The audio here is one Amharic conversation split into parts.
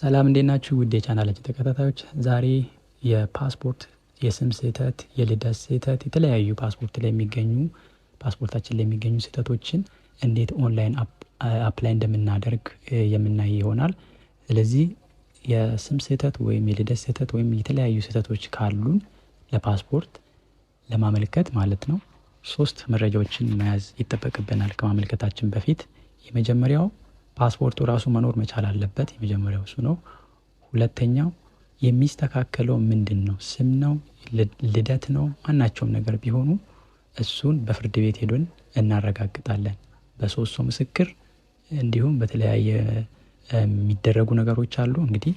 ሰላም እንዴት ናችሁ? ውድ የቻናላችን ተከታታዮች ዛሬ የፓስፖርት የስም ስህተት፣ የልደት ስህተት፣ የተለያዩ ፓስፖርት ላይ የሚገኙ ፓስፖርታችን ላይ የሚገኙ ስህተቶችን እንዴት ኦንላይን አፕላይ እንደምናደርግ የምናይ ይሆናል። ስለዚህ የስም ስህተት ወይም የልደት ስህተት ወይም የተለያዩ ስህተቶች ካሉን ለፓስፖርት ለማመልከት ማለት ነው ሶስት መረጃዎችን መያዝ ይጠበቅብናል ከማመልከታችን በፊት የመጀመሪያው ፓስፖርቱ ራሱ መኖር መቻል አለበት። የመጀመሪያው እሱ ነው። ሁለተኛው የሚስተካከለው ምንድን ነው? ስም ነው? ልደት ነው? ማናቸውም ነገር ቢሆኑ እሱን በፍርድ ቤት ሄዶን እናረጋግጣለን። በሶስት ሰው ምስክር እንዲሁም በተለያየ የሚደረጉ ነገሮች አሉ። እንግዲህ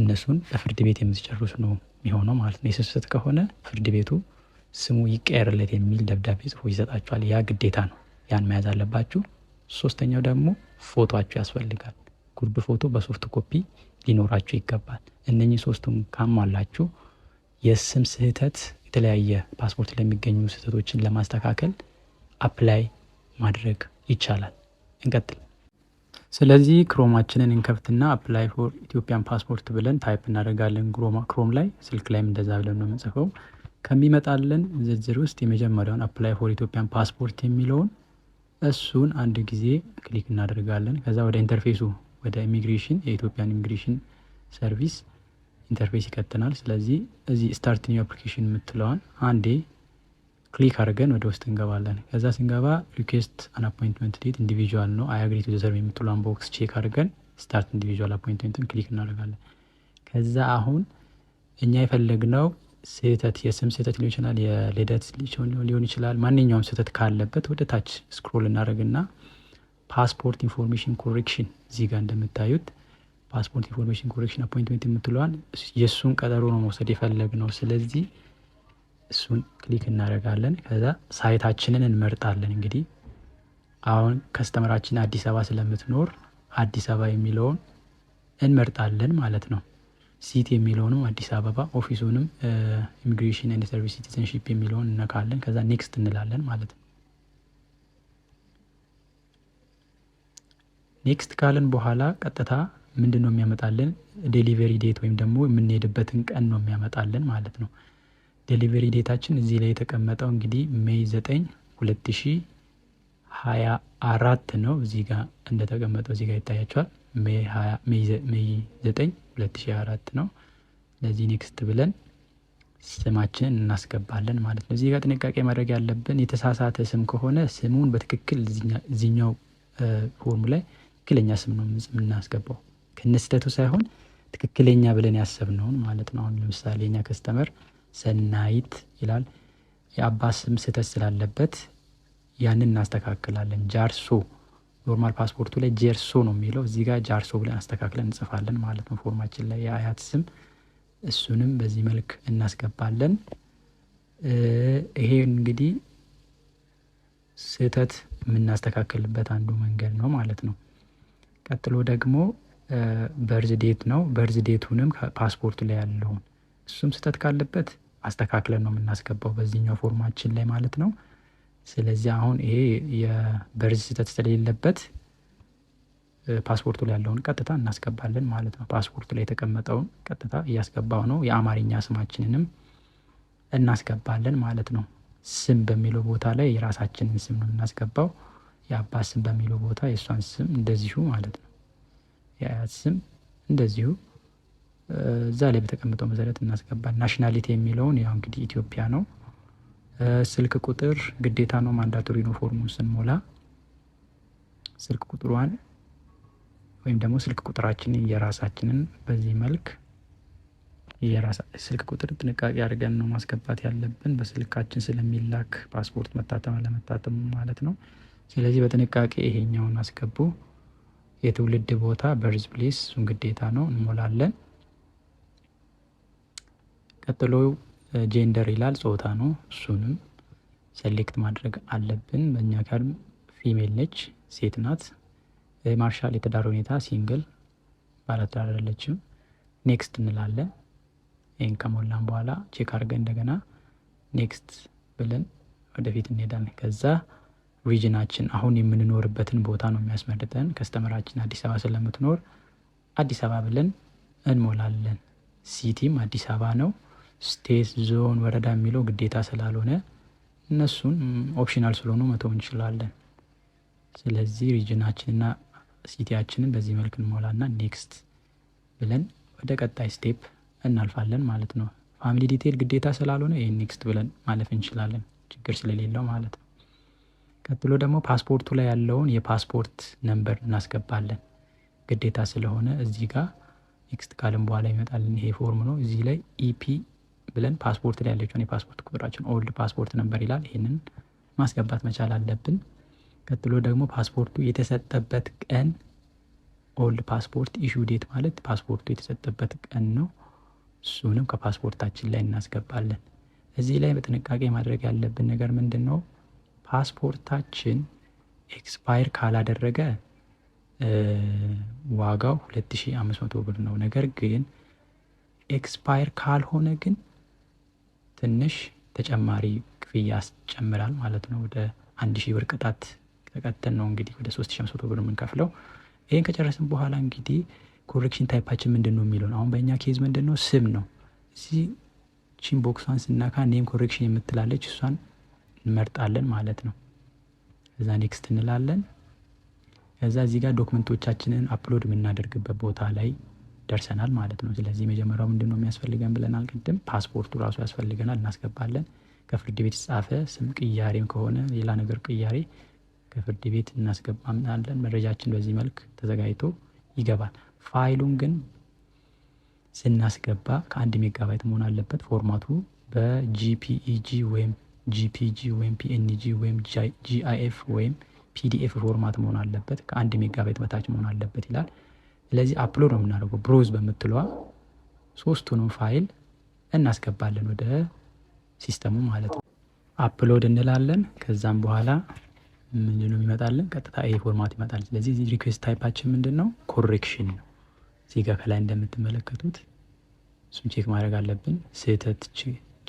እነሱን በፍርድ ቤት የምትጨርሱ ነው የሚሆነው ማለት ነው። የስስት ከሆነ ፍርድ ቤቱ ስሙ ይቀየርለት የሚል ደብዳቤ ጽፎ ይሰጣችኋል። ያ ግዴታ ነው። ያን መያዝ አለባችሁ። ሶስተኛው ደግሞ ፎቶቸው ያስፈልጋል። ጉርድ ፎቶ በሶፍት ኮፒ ሊኖራቸው ይገባል። እነኚህ ሶስቱም ካሟላችሁ የስም ስህተት የተለያየ ፓስፖርት ለሚገኙ ስህተቶችን ለማስተካከል አፕላይ ማድረግ ይቻላል። እንቀጥል። ስለዚህ ክሮማችንን እንከፍትና አፕላይ ፎር ኢትዮጵያን ፓስፖርት ብለን ታይፕ እናደርጋለን። ክሮም ላይ ስልክ ላይም እንደዛ ብለን ነው የምንጽፈው። ከሚመጣለን ዝርዝር ውስጥ የመጀመሪያውን አፕላይ ፎር ኢትዮጵያን ፓስፖርት የሚለውን እሱን አንድ ጊዜ ክሊክ እናደርጋለን። ከዛ ወደ ኢንተርፌሱ ወደ ኢሚግሬሽን የኢትዮጵያን ኢሚግሬሽን ሰርቪስ ኢንተርፌስ ይከተናል። ስለዚህ እዚህ ስታርት ኒው አፕሊኬሽን የምትለዋን አንዴ ክሊክ አድርገን ወደ ውስጥ እንገባለን። ከዛ ስንገባ ሪኩዌስት አን አፖይንትመንት ዴት ኢንዲቪዥዋል ነው አይ አግሪ ቱ ዘ የምትለዋን ቦክስ ቼክ አድርገን ስታርት ኢንዲቪዥዋል አፖይንትመንትን ክሊክ እናደርጋለን። ከዛ አሁን እኛ የፈለግነው ስህተት የስም ስህተት ሊሆን ይችላል፣ የልደት ሊሆን ይችላል። ማንኛውም ስህተት ካለበት ወደ ታች ስክሮል እናደርግና ፓስፖርት ኢንፎርሜሽን ኮሬክሽን እዚህ ጋር እንደምታዩት ፓስፖርት ኢንፎርሜሽን ኮሬክሽን አፖይንትሜንት የምትለዋን የእሱን ቀጠሮ ነው መውሰድ የፈለግ ነው። ስለዚህ እሱን ክሊክ እናደርጋለን። ከዛ ሳይታችንን እንመርጣለን። እንግዲህ አሁን ከስተመራችን አዲስ አበባ ስለምትኖር አዲስ አበባ የሚለውን እንመርጣለን ማለት ነው። ሲቲ የሚለውንም አዲስ አበባ ኦፊሱንም ኢሚግሬሽን ኤንድ ሰርቪስ ሲቲዘንሺፕ የሚለውን እነካለን። ከዛ ኔክስት እንላለን ማለት ነው። ኔክስት ካለን በኋላ ቀጥታ ምንድን ነው የሚያመጣልን? ዴሊቨሪ ዴት ወይም ደግሞ የምንሄድበትን ቀን ነው የሚያመጣልን ማለት ነው። ዴሊቨሪ ዴታችን እዚህ ላይ የተቀመጠው እንግዲህ ሜይ 9 2024 ነው። እዚህ ጋር እንደተቀመጠው እዚህ ጋር ይታያቸዋል። ሜይ 9 2024 ነው። ለዚህ ኔክስት ብለን ስማችንን እናስገባለን ማለት ነው። እዚህ ጋር ጥንቃቄ ማድረግ ያለብን የተሳሳተ ስም ከሆነ ስሙን በትክክል እዚኛው ፎርሙ ላይ ትክክለኛ ስም ነው የምናስገባው ከነስተቱ ሳይሆን ትክክለኛ ብለን ያሰብነውን ማለት ነው። አሁን ለምሳሌ ኛ ከስተመር ሰናይት ይላል። የአባት ስም ስህተት ስላለበት ያንን እናስተካክላለን። ጃርሶ ኖርማል ፓስፖርቱ ላይ ጀርሶ ነው የሚለው እዚህ ጋር ጃርሶ ብለን አስተካክለን እንጽፋለን ማለት ነው። ፎርማችን ላይ የአያት ስም እሱንም በዚህ መልክ እናስገባለን። ይሄ እንግዲህ ስህተት የምናስተካክልበት አንዱ መንገድ ነው ማለት ነው። ቀጥሎ ደግሞ በርዝ ዴት ነው። በርዝ ዴቱንም ፓስፖርቱ ላይ ያለውን እሱም ስህተት ካለበት አስተካክለን ነው የምናስገባው በዚህኛው ፎርማችን ላይ ማለት ነው። ስለዚህ አሁን ይሄ የበርዝ ስህተት ስለሌለበት ፓስፖርቱ ላይ ያለውን ቀጥታ እናስገባለን ማለት ነው። ፓስፖርቱ ላይ የተቀመጠውን ቀጥታ እያስገባው ነው። የአማርኛ ስማችንንም እናስገባለን ማለት ነው። ስም በሚለው ቦታ ላይ የራሳችንን ስም ነው የምናስገባው። የአባት ስም በሚለው ቦታ የእሷን ስም እንደዚሁ ማለት ነው። የአያት ስም እንደዚሁ እዛ ላይ በተቀመጠው መሰረት እናስገባል። ናሽናሊቲ የሚለውን ያው እንግዲህ ኢትዮጵያ ነው። ስልክ ቁጥር ግዴታ ነው ማንዳቶሪ ነው ፎርሙን ስንሞላ ስልክ ቁጥሯን ወይም ደግሞ ስልክ ቁጥራችንን የራሳችንን በዚህ መልክ ስልክ ቁጥር ጥንቃቄ አድርገን ነው ማስገባት ያለብን። በስልካችን ስለሚላክ ፓስፖርት መታተም አለመታተም ማለት ነው። ስለዚህ በጥንቃቄ ይሄኛውን አስገቡ። የትውልድ ቦታ በርዝ ፕሌስ፣ እሱን ግዴታ ነው እንሞላለን። ቀጥሎ ጄንደር ይላል ጾታ ነው። እሱንም ሰሌክት ማድረግ አለብን። በእኛ ጋር ፊሜል ነች፣ ሴት ናት። ማርሻል የትዳር ሁኔታ ሲንግል፣ ባለትዳር አይደለችም። ኔክስት እንላለን። ይህን ከሞላን በኋላ ቼክ አድርገን እንደገና ኔክስት ብለን ወደፊት እንሄዳለን። ከዛ ሪጅናችን አሁን የምንኖርበትን ቦታ ነው የሚያስመርጠን። ከስተመራችን አዲስ አበባ ስለምትኖር አዲስ አበባ ብለን እንሞላለን። ሲቲም አዲስ አበባ ነው። ስቴት፣ ዞን፣ ወረዳ የሚለው ግዴታ ስላልሆነ እነሱን ኦፕሽናል ስለሆኑ መተው እንችላለን። ስለዚህ ሪጅናችንና ሲቲያችንን በዚህ መልክ እንሞላና ኔክስት ብለን ወደ ቀጣይ ስቴፕ እናልፋለን ማለት ነው። ፋሚሊ ዲቴል ግዴታ ስላልሆነ ይህን ኔክስት ብለን ማለፍ እንችላለን፣ ችግር ስለሌለው ማለት ነው። ቀጥሎ ደግሞ ፓስፖርቱ ላይ ያለውን የፓስፖርት ነንበር እናስገባለን ግዴታ ስለሆነ እዚህ ጋር ኔክስት ካልን በኋላ ይመጣልን። ይሄ ፎርም ነው። እዚህ ላይ ኢፒ ብለን ፓስፖርት ላይ ያለችውን የፓስፖርት ቁጥራችን ኦልድ ፓስፖርት ነበር ይላል። ይህንን ማስገባት መቻል አለብን። ቀጥሎ ደግሞ ፓስፖርቱ የተሰጠበት ቀን ኦልድ ፓስፖርት ኢሹ ዴት ማለት ፓስፖርቱ የተሰጠበት ቀን ነው። እሱንም ከፓስፖርታችን ላይ እናስገባለን። እዚህ ላይ በጥንቃቄ ማድረግ ያለብን ነገር ምንድን ነው? ፓስፖርታችን ኤክስፓየር ካላደረገ ዋጋው 2500 ብር ነው። ነገር ግን ኤክስፓየር ካልሆነ ግን ትንሽ ተጨማሪ ክፍያ ያስጨምራል ማለት ነው። ወደ አንድ ሺህ ብር ቅጣት ተቀጥተን ነው እንግዲህ ወደ ሶስት ሺህ አምስት መቶ ብር የምንከፍለው። ይህን ከጨረስን በኋላ እንግዲህ ኮሬክሽን ታይፓችን ምንድን ነው የሚለው አሁን በእኛ ኬዝ ምንድን ነው ስም ነው። እዚህ ቺን ቦክሷን ስናካ ኔም ኮሬክሽን የምትላለች እሷን እንመርጣለን ማለት ነው። እዛ ኔክስት እንላለን። ከዛ እዚህ ጋር ዶክመንቶቻችንን አፕሎድ የምናደርግበት ቦታ ላይ ደርሰናል ማለት ነው። ስለዚህ መጀመሪያው ምንድን ነው የሚያስፈልገን ብለናል ቅድም፣ ፓስፖርቱ ራሱ ያስፈልገናል፣ እናስገባለን። ከፍርድ ቤት የተጻፈ ስም ቅያሬም ከሆነ ሌላ ነገር ቅያሬ ከፍርድ ቤት እናስገባምናለን። መረጃችን በዚህ መልክ ተዘጋጅቶ ይገባል። ፋይሉን ግን ስናስገባ ከአንድ ሜጋባይት መሆን አለበት። ፎርማቱ በጂፒኢጂ ወይም ጂፒጂ ወይም ፒኤንጂ ወይም ጂአይኤፍ ወይም ፒዲኤፍ ፎርማት መሆን አለበት። ከአንድ ሜጋባይት በታች መሆን አለበት ይላል። ስለዚህ አፕሎድ ነው የምናደርገው። ብሮዝ በምትለዋ ሶስቱንም ፋይል እናስገባለን ወደ ሲስተሙ ማለት ነው። አፕሎድ እንላለን። ከዛም በኋላ ምንድን ነው የሚመጣልን? ቀጥታ ኤ ፎርማት ይመጣል። ስለዚህ ሪኩዌስት ታይፓችን ምንድን ነው? ኮሬክሽን ነው። እዚህ ጋር ከላይ እንደምትመለከቱት እሱም ቼክ ማድረግ አለብን። ስህተት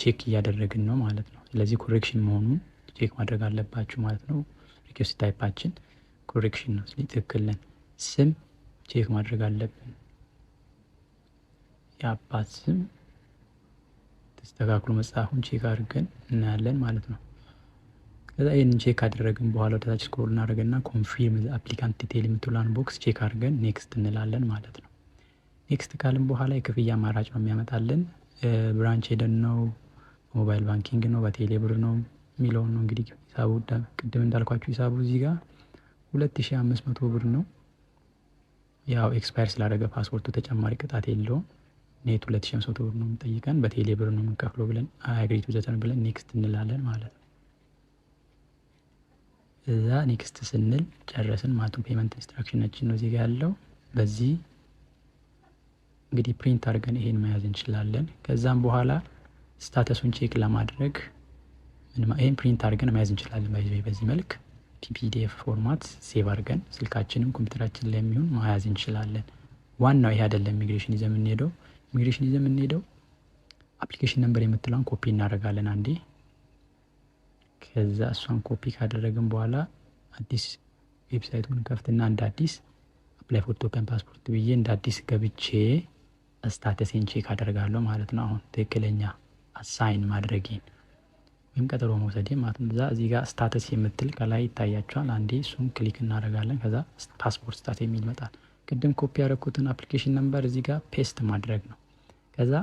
ቼክ እያደረግን ነው ማለት ነው። ስለዚህ ኮሬክሽን መሆኑን ቼክ ማድረግ አለባችሁ ማለት ነው። ሪኩዌስት ታይፓችን ኮሬክሽን ነው። ትክክል ነን። ስም ቼክ ማድረግ አለብን። የአባት ስም ተስተካክሎ መጽሐፉን ቼክ አድርገን እናያለን ማለት ነው። ከዛ ይህንን ቼክ አደረግን በኋላ ወደታች ስክሮል እናደርግና ኮንፊርም አፕሊካንት ዲቴይል የምትላን ቦክስ ቼክ አድርገን ኔክስት እንላለን ማለት ነው። ኔክስት ካልን በኋላ የክፍያ አማራጭ ነው የሚያመጣልን። ብራንች ሄደን ነው ሞባይል ባንኪንግ ነው በቴሌ ብር ነው የሚለውን ነው እንግዲህ ሂሳቡ ቅድም እንዳልኳቸው ሂሳቡ እዚህ ጋር ሁለት ሺ አምስት መቶ ብር ነው። ያው ኤክስፓየር ስላደረገ ፓስፖርቱ ተጨማሪ ቅጣት የለውም። ኔት ሁለት ሺህ አምስት ብር ነው የምጠይቀን በቴሌ ብር ነው የምንከፍለው ብለን አግሪቱ ዘተን ብለን ኔክስት እንላለን ማለት ነው። እዛ ኔክስት ስንል ጨረስን ማለት ነው። ፔመንት ኢንስትራክሽናችን ነው እዚህ ጋ ያለው። በዚህ እንግዲህ ፕሪንት አድርገን ይሄን መያዝ እንችላለን። ከዛም በኋላ ስታተሱን ቼክ ለማድረግ ይህን ፕሪንት አድርገን መያዝ እንችላለን በዚህ መልክ ፒፒዲኤፍ ፎርማት ሴቭ አድርገን ስልካችንም ኮምፒውተራችን ላይ የሚሆን መያዝ እንችላለን። ዋናው ይሄ አይደለም። ኢሚግሬሽን ይዘ የምንሄደው ኢሚግሬሽን ይዘ የምንሄደው አፕሊኬሽን ነንበር የምትለውን ኮፒ እናደርጋለን አንዴ። ከዛ እሷን ኮፒ ካደረግን በኋላ አዲስ ዌብሳይቱን ከፍትና እንደ አዲስ አፕላይ ፎር ኢትዮጵያን ፓስፖርት ብዬ እንደ አዲስ ገብቼ ስታተሴን ቼክ አደርጋለሁ ማለት ነው። አሁን ትክክለኛ አሳይን ማድረጌን ወይም ቀጠሮ መውሰድ ማለት ነው። እዛ እዚህ ጋር ስታተስ የምትል ከላይ ይታያቸዋል። አንዴ እሱን ክሊክ እናደርጋለን። ከዛ ፓስፖርት ስታት የሚል ይመጣል። ቅድም ኮፒ ያደረኩትን አፕሊኬሽን ነምበር እዚህ ጋር ፔስት ማድረግ ነው። ከዛ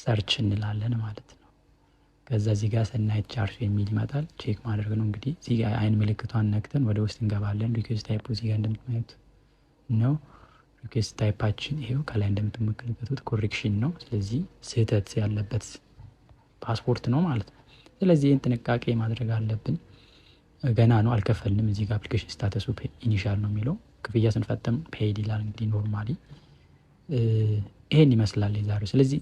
ሰርች እንላለን ማለት ነው። ከዛ እዚህ ጋር ሰናይት ቻርጅ የሚል ይመጣል። ቼክ ማድረግ ነው እንግዲህ እዚህ ጋር አይን ምልክቷን ነክተን ወደ ውስጥ እንገባለን። ሪኩዌስት ታይፕ እዚህ ጋር እንደምትመለከቱት ነው። ሪኩዌስት ታይፓችን ይሄው ከላይ እንደምትመለከቱት ኮሬክሽን ነው። ስለዚህ ስህተት ያለበት ፓስፖርት ነው ማለት ነው። ስለዚህ ይህን ጥንቃቄ ማድረግ አለብን። ገና ነው አልከፈልንም። እዚህ ጋር አፕሊኬሽን ስታተሱ ኢኒሻል ነው የሚለው ክፍያ ስንፈጥም ፔይድ ይላል። እንግዲህ ኖርማሊ ይሄን ይመስላል የዛሬው። ስለዚህ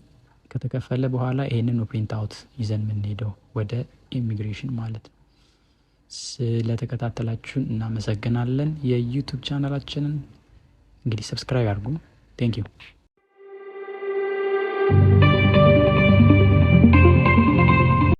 ከተከፈለ በኋላ ይሄንን ፕሪንት አውት ይዘን የምንሄደው ወደ ኢሚግሬሽን ማለት ነው። ስለተከታተላችሁን እናመሰግናለን። የዩቱብ ቻናላችንን እንግዲህ ሰብስክራይብ አድርጉ። ቴንክ ዩ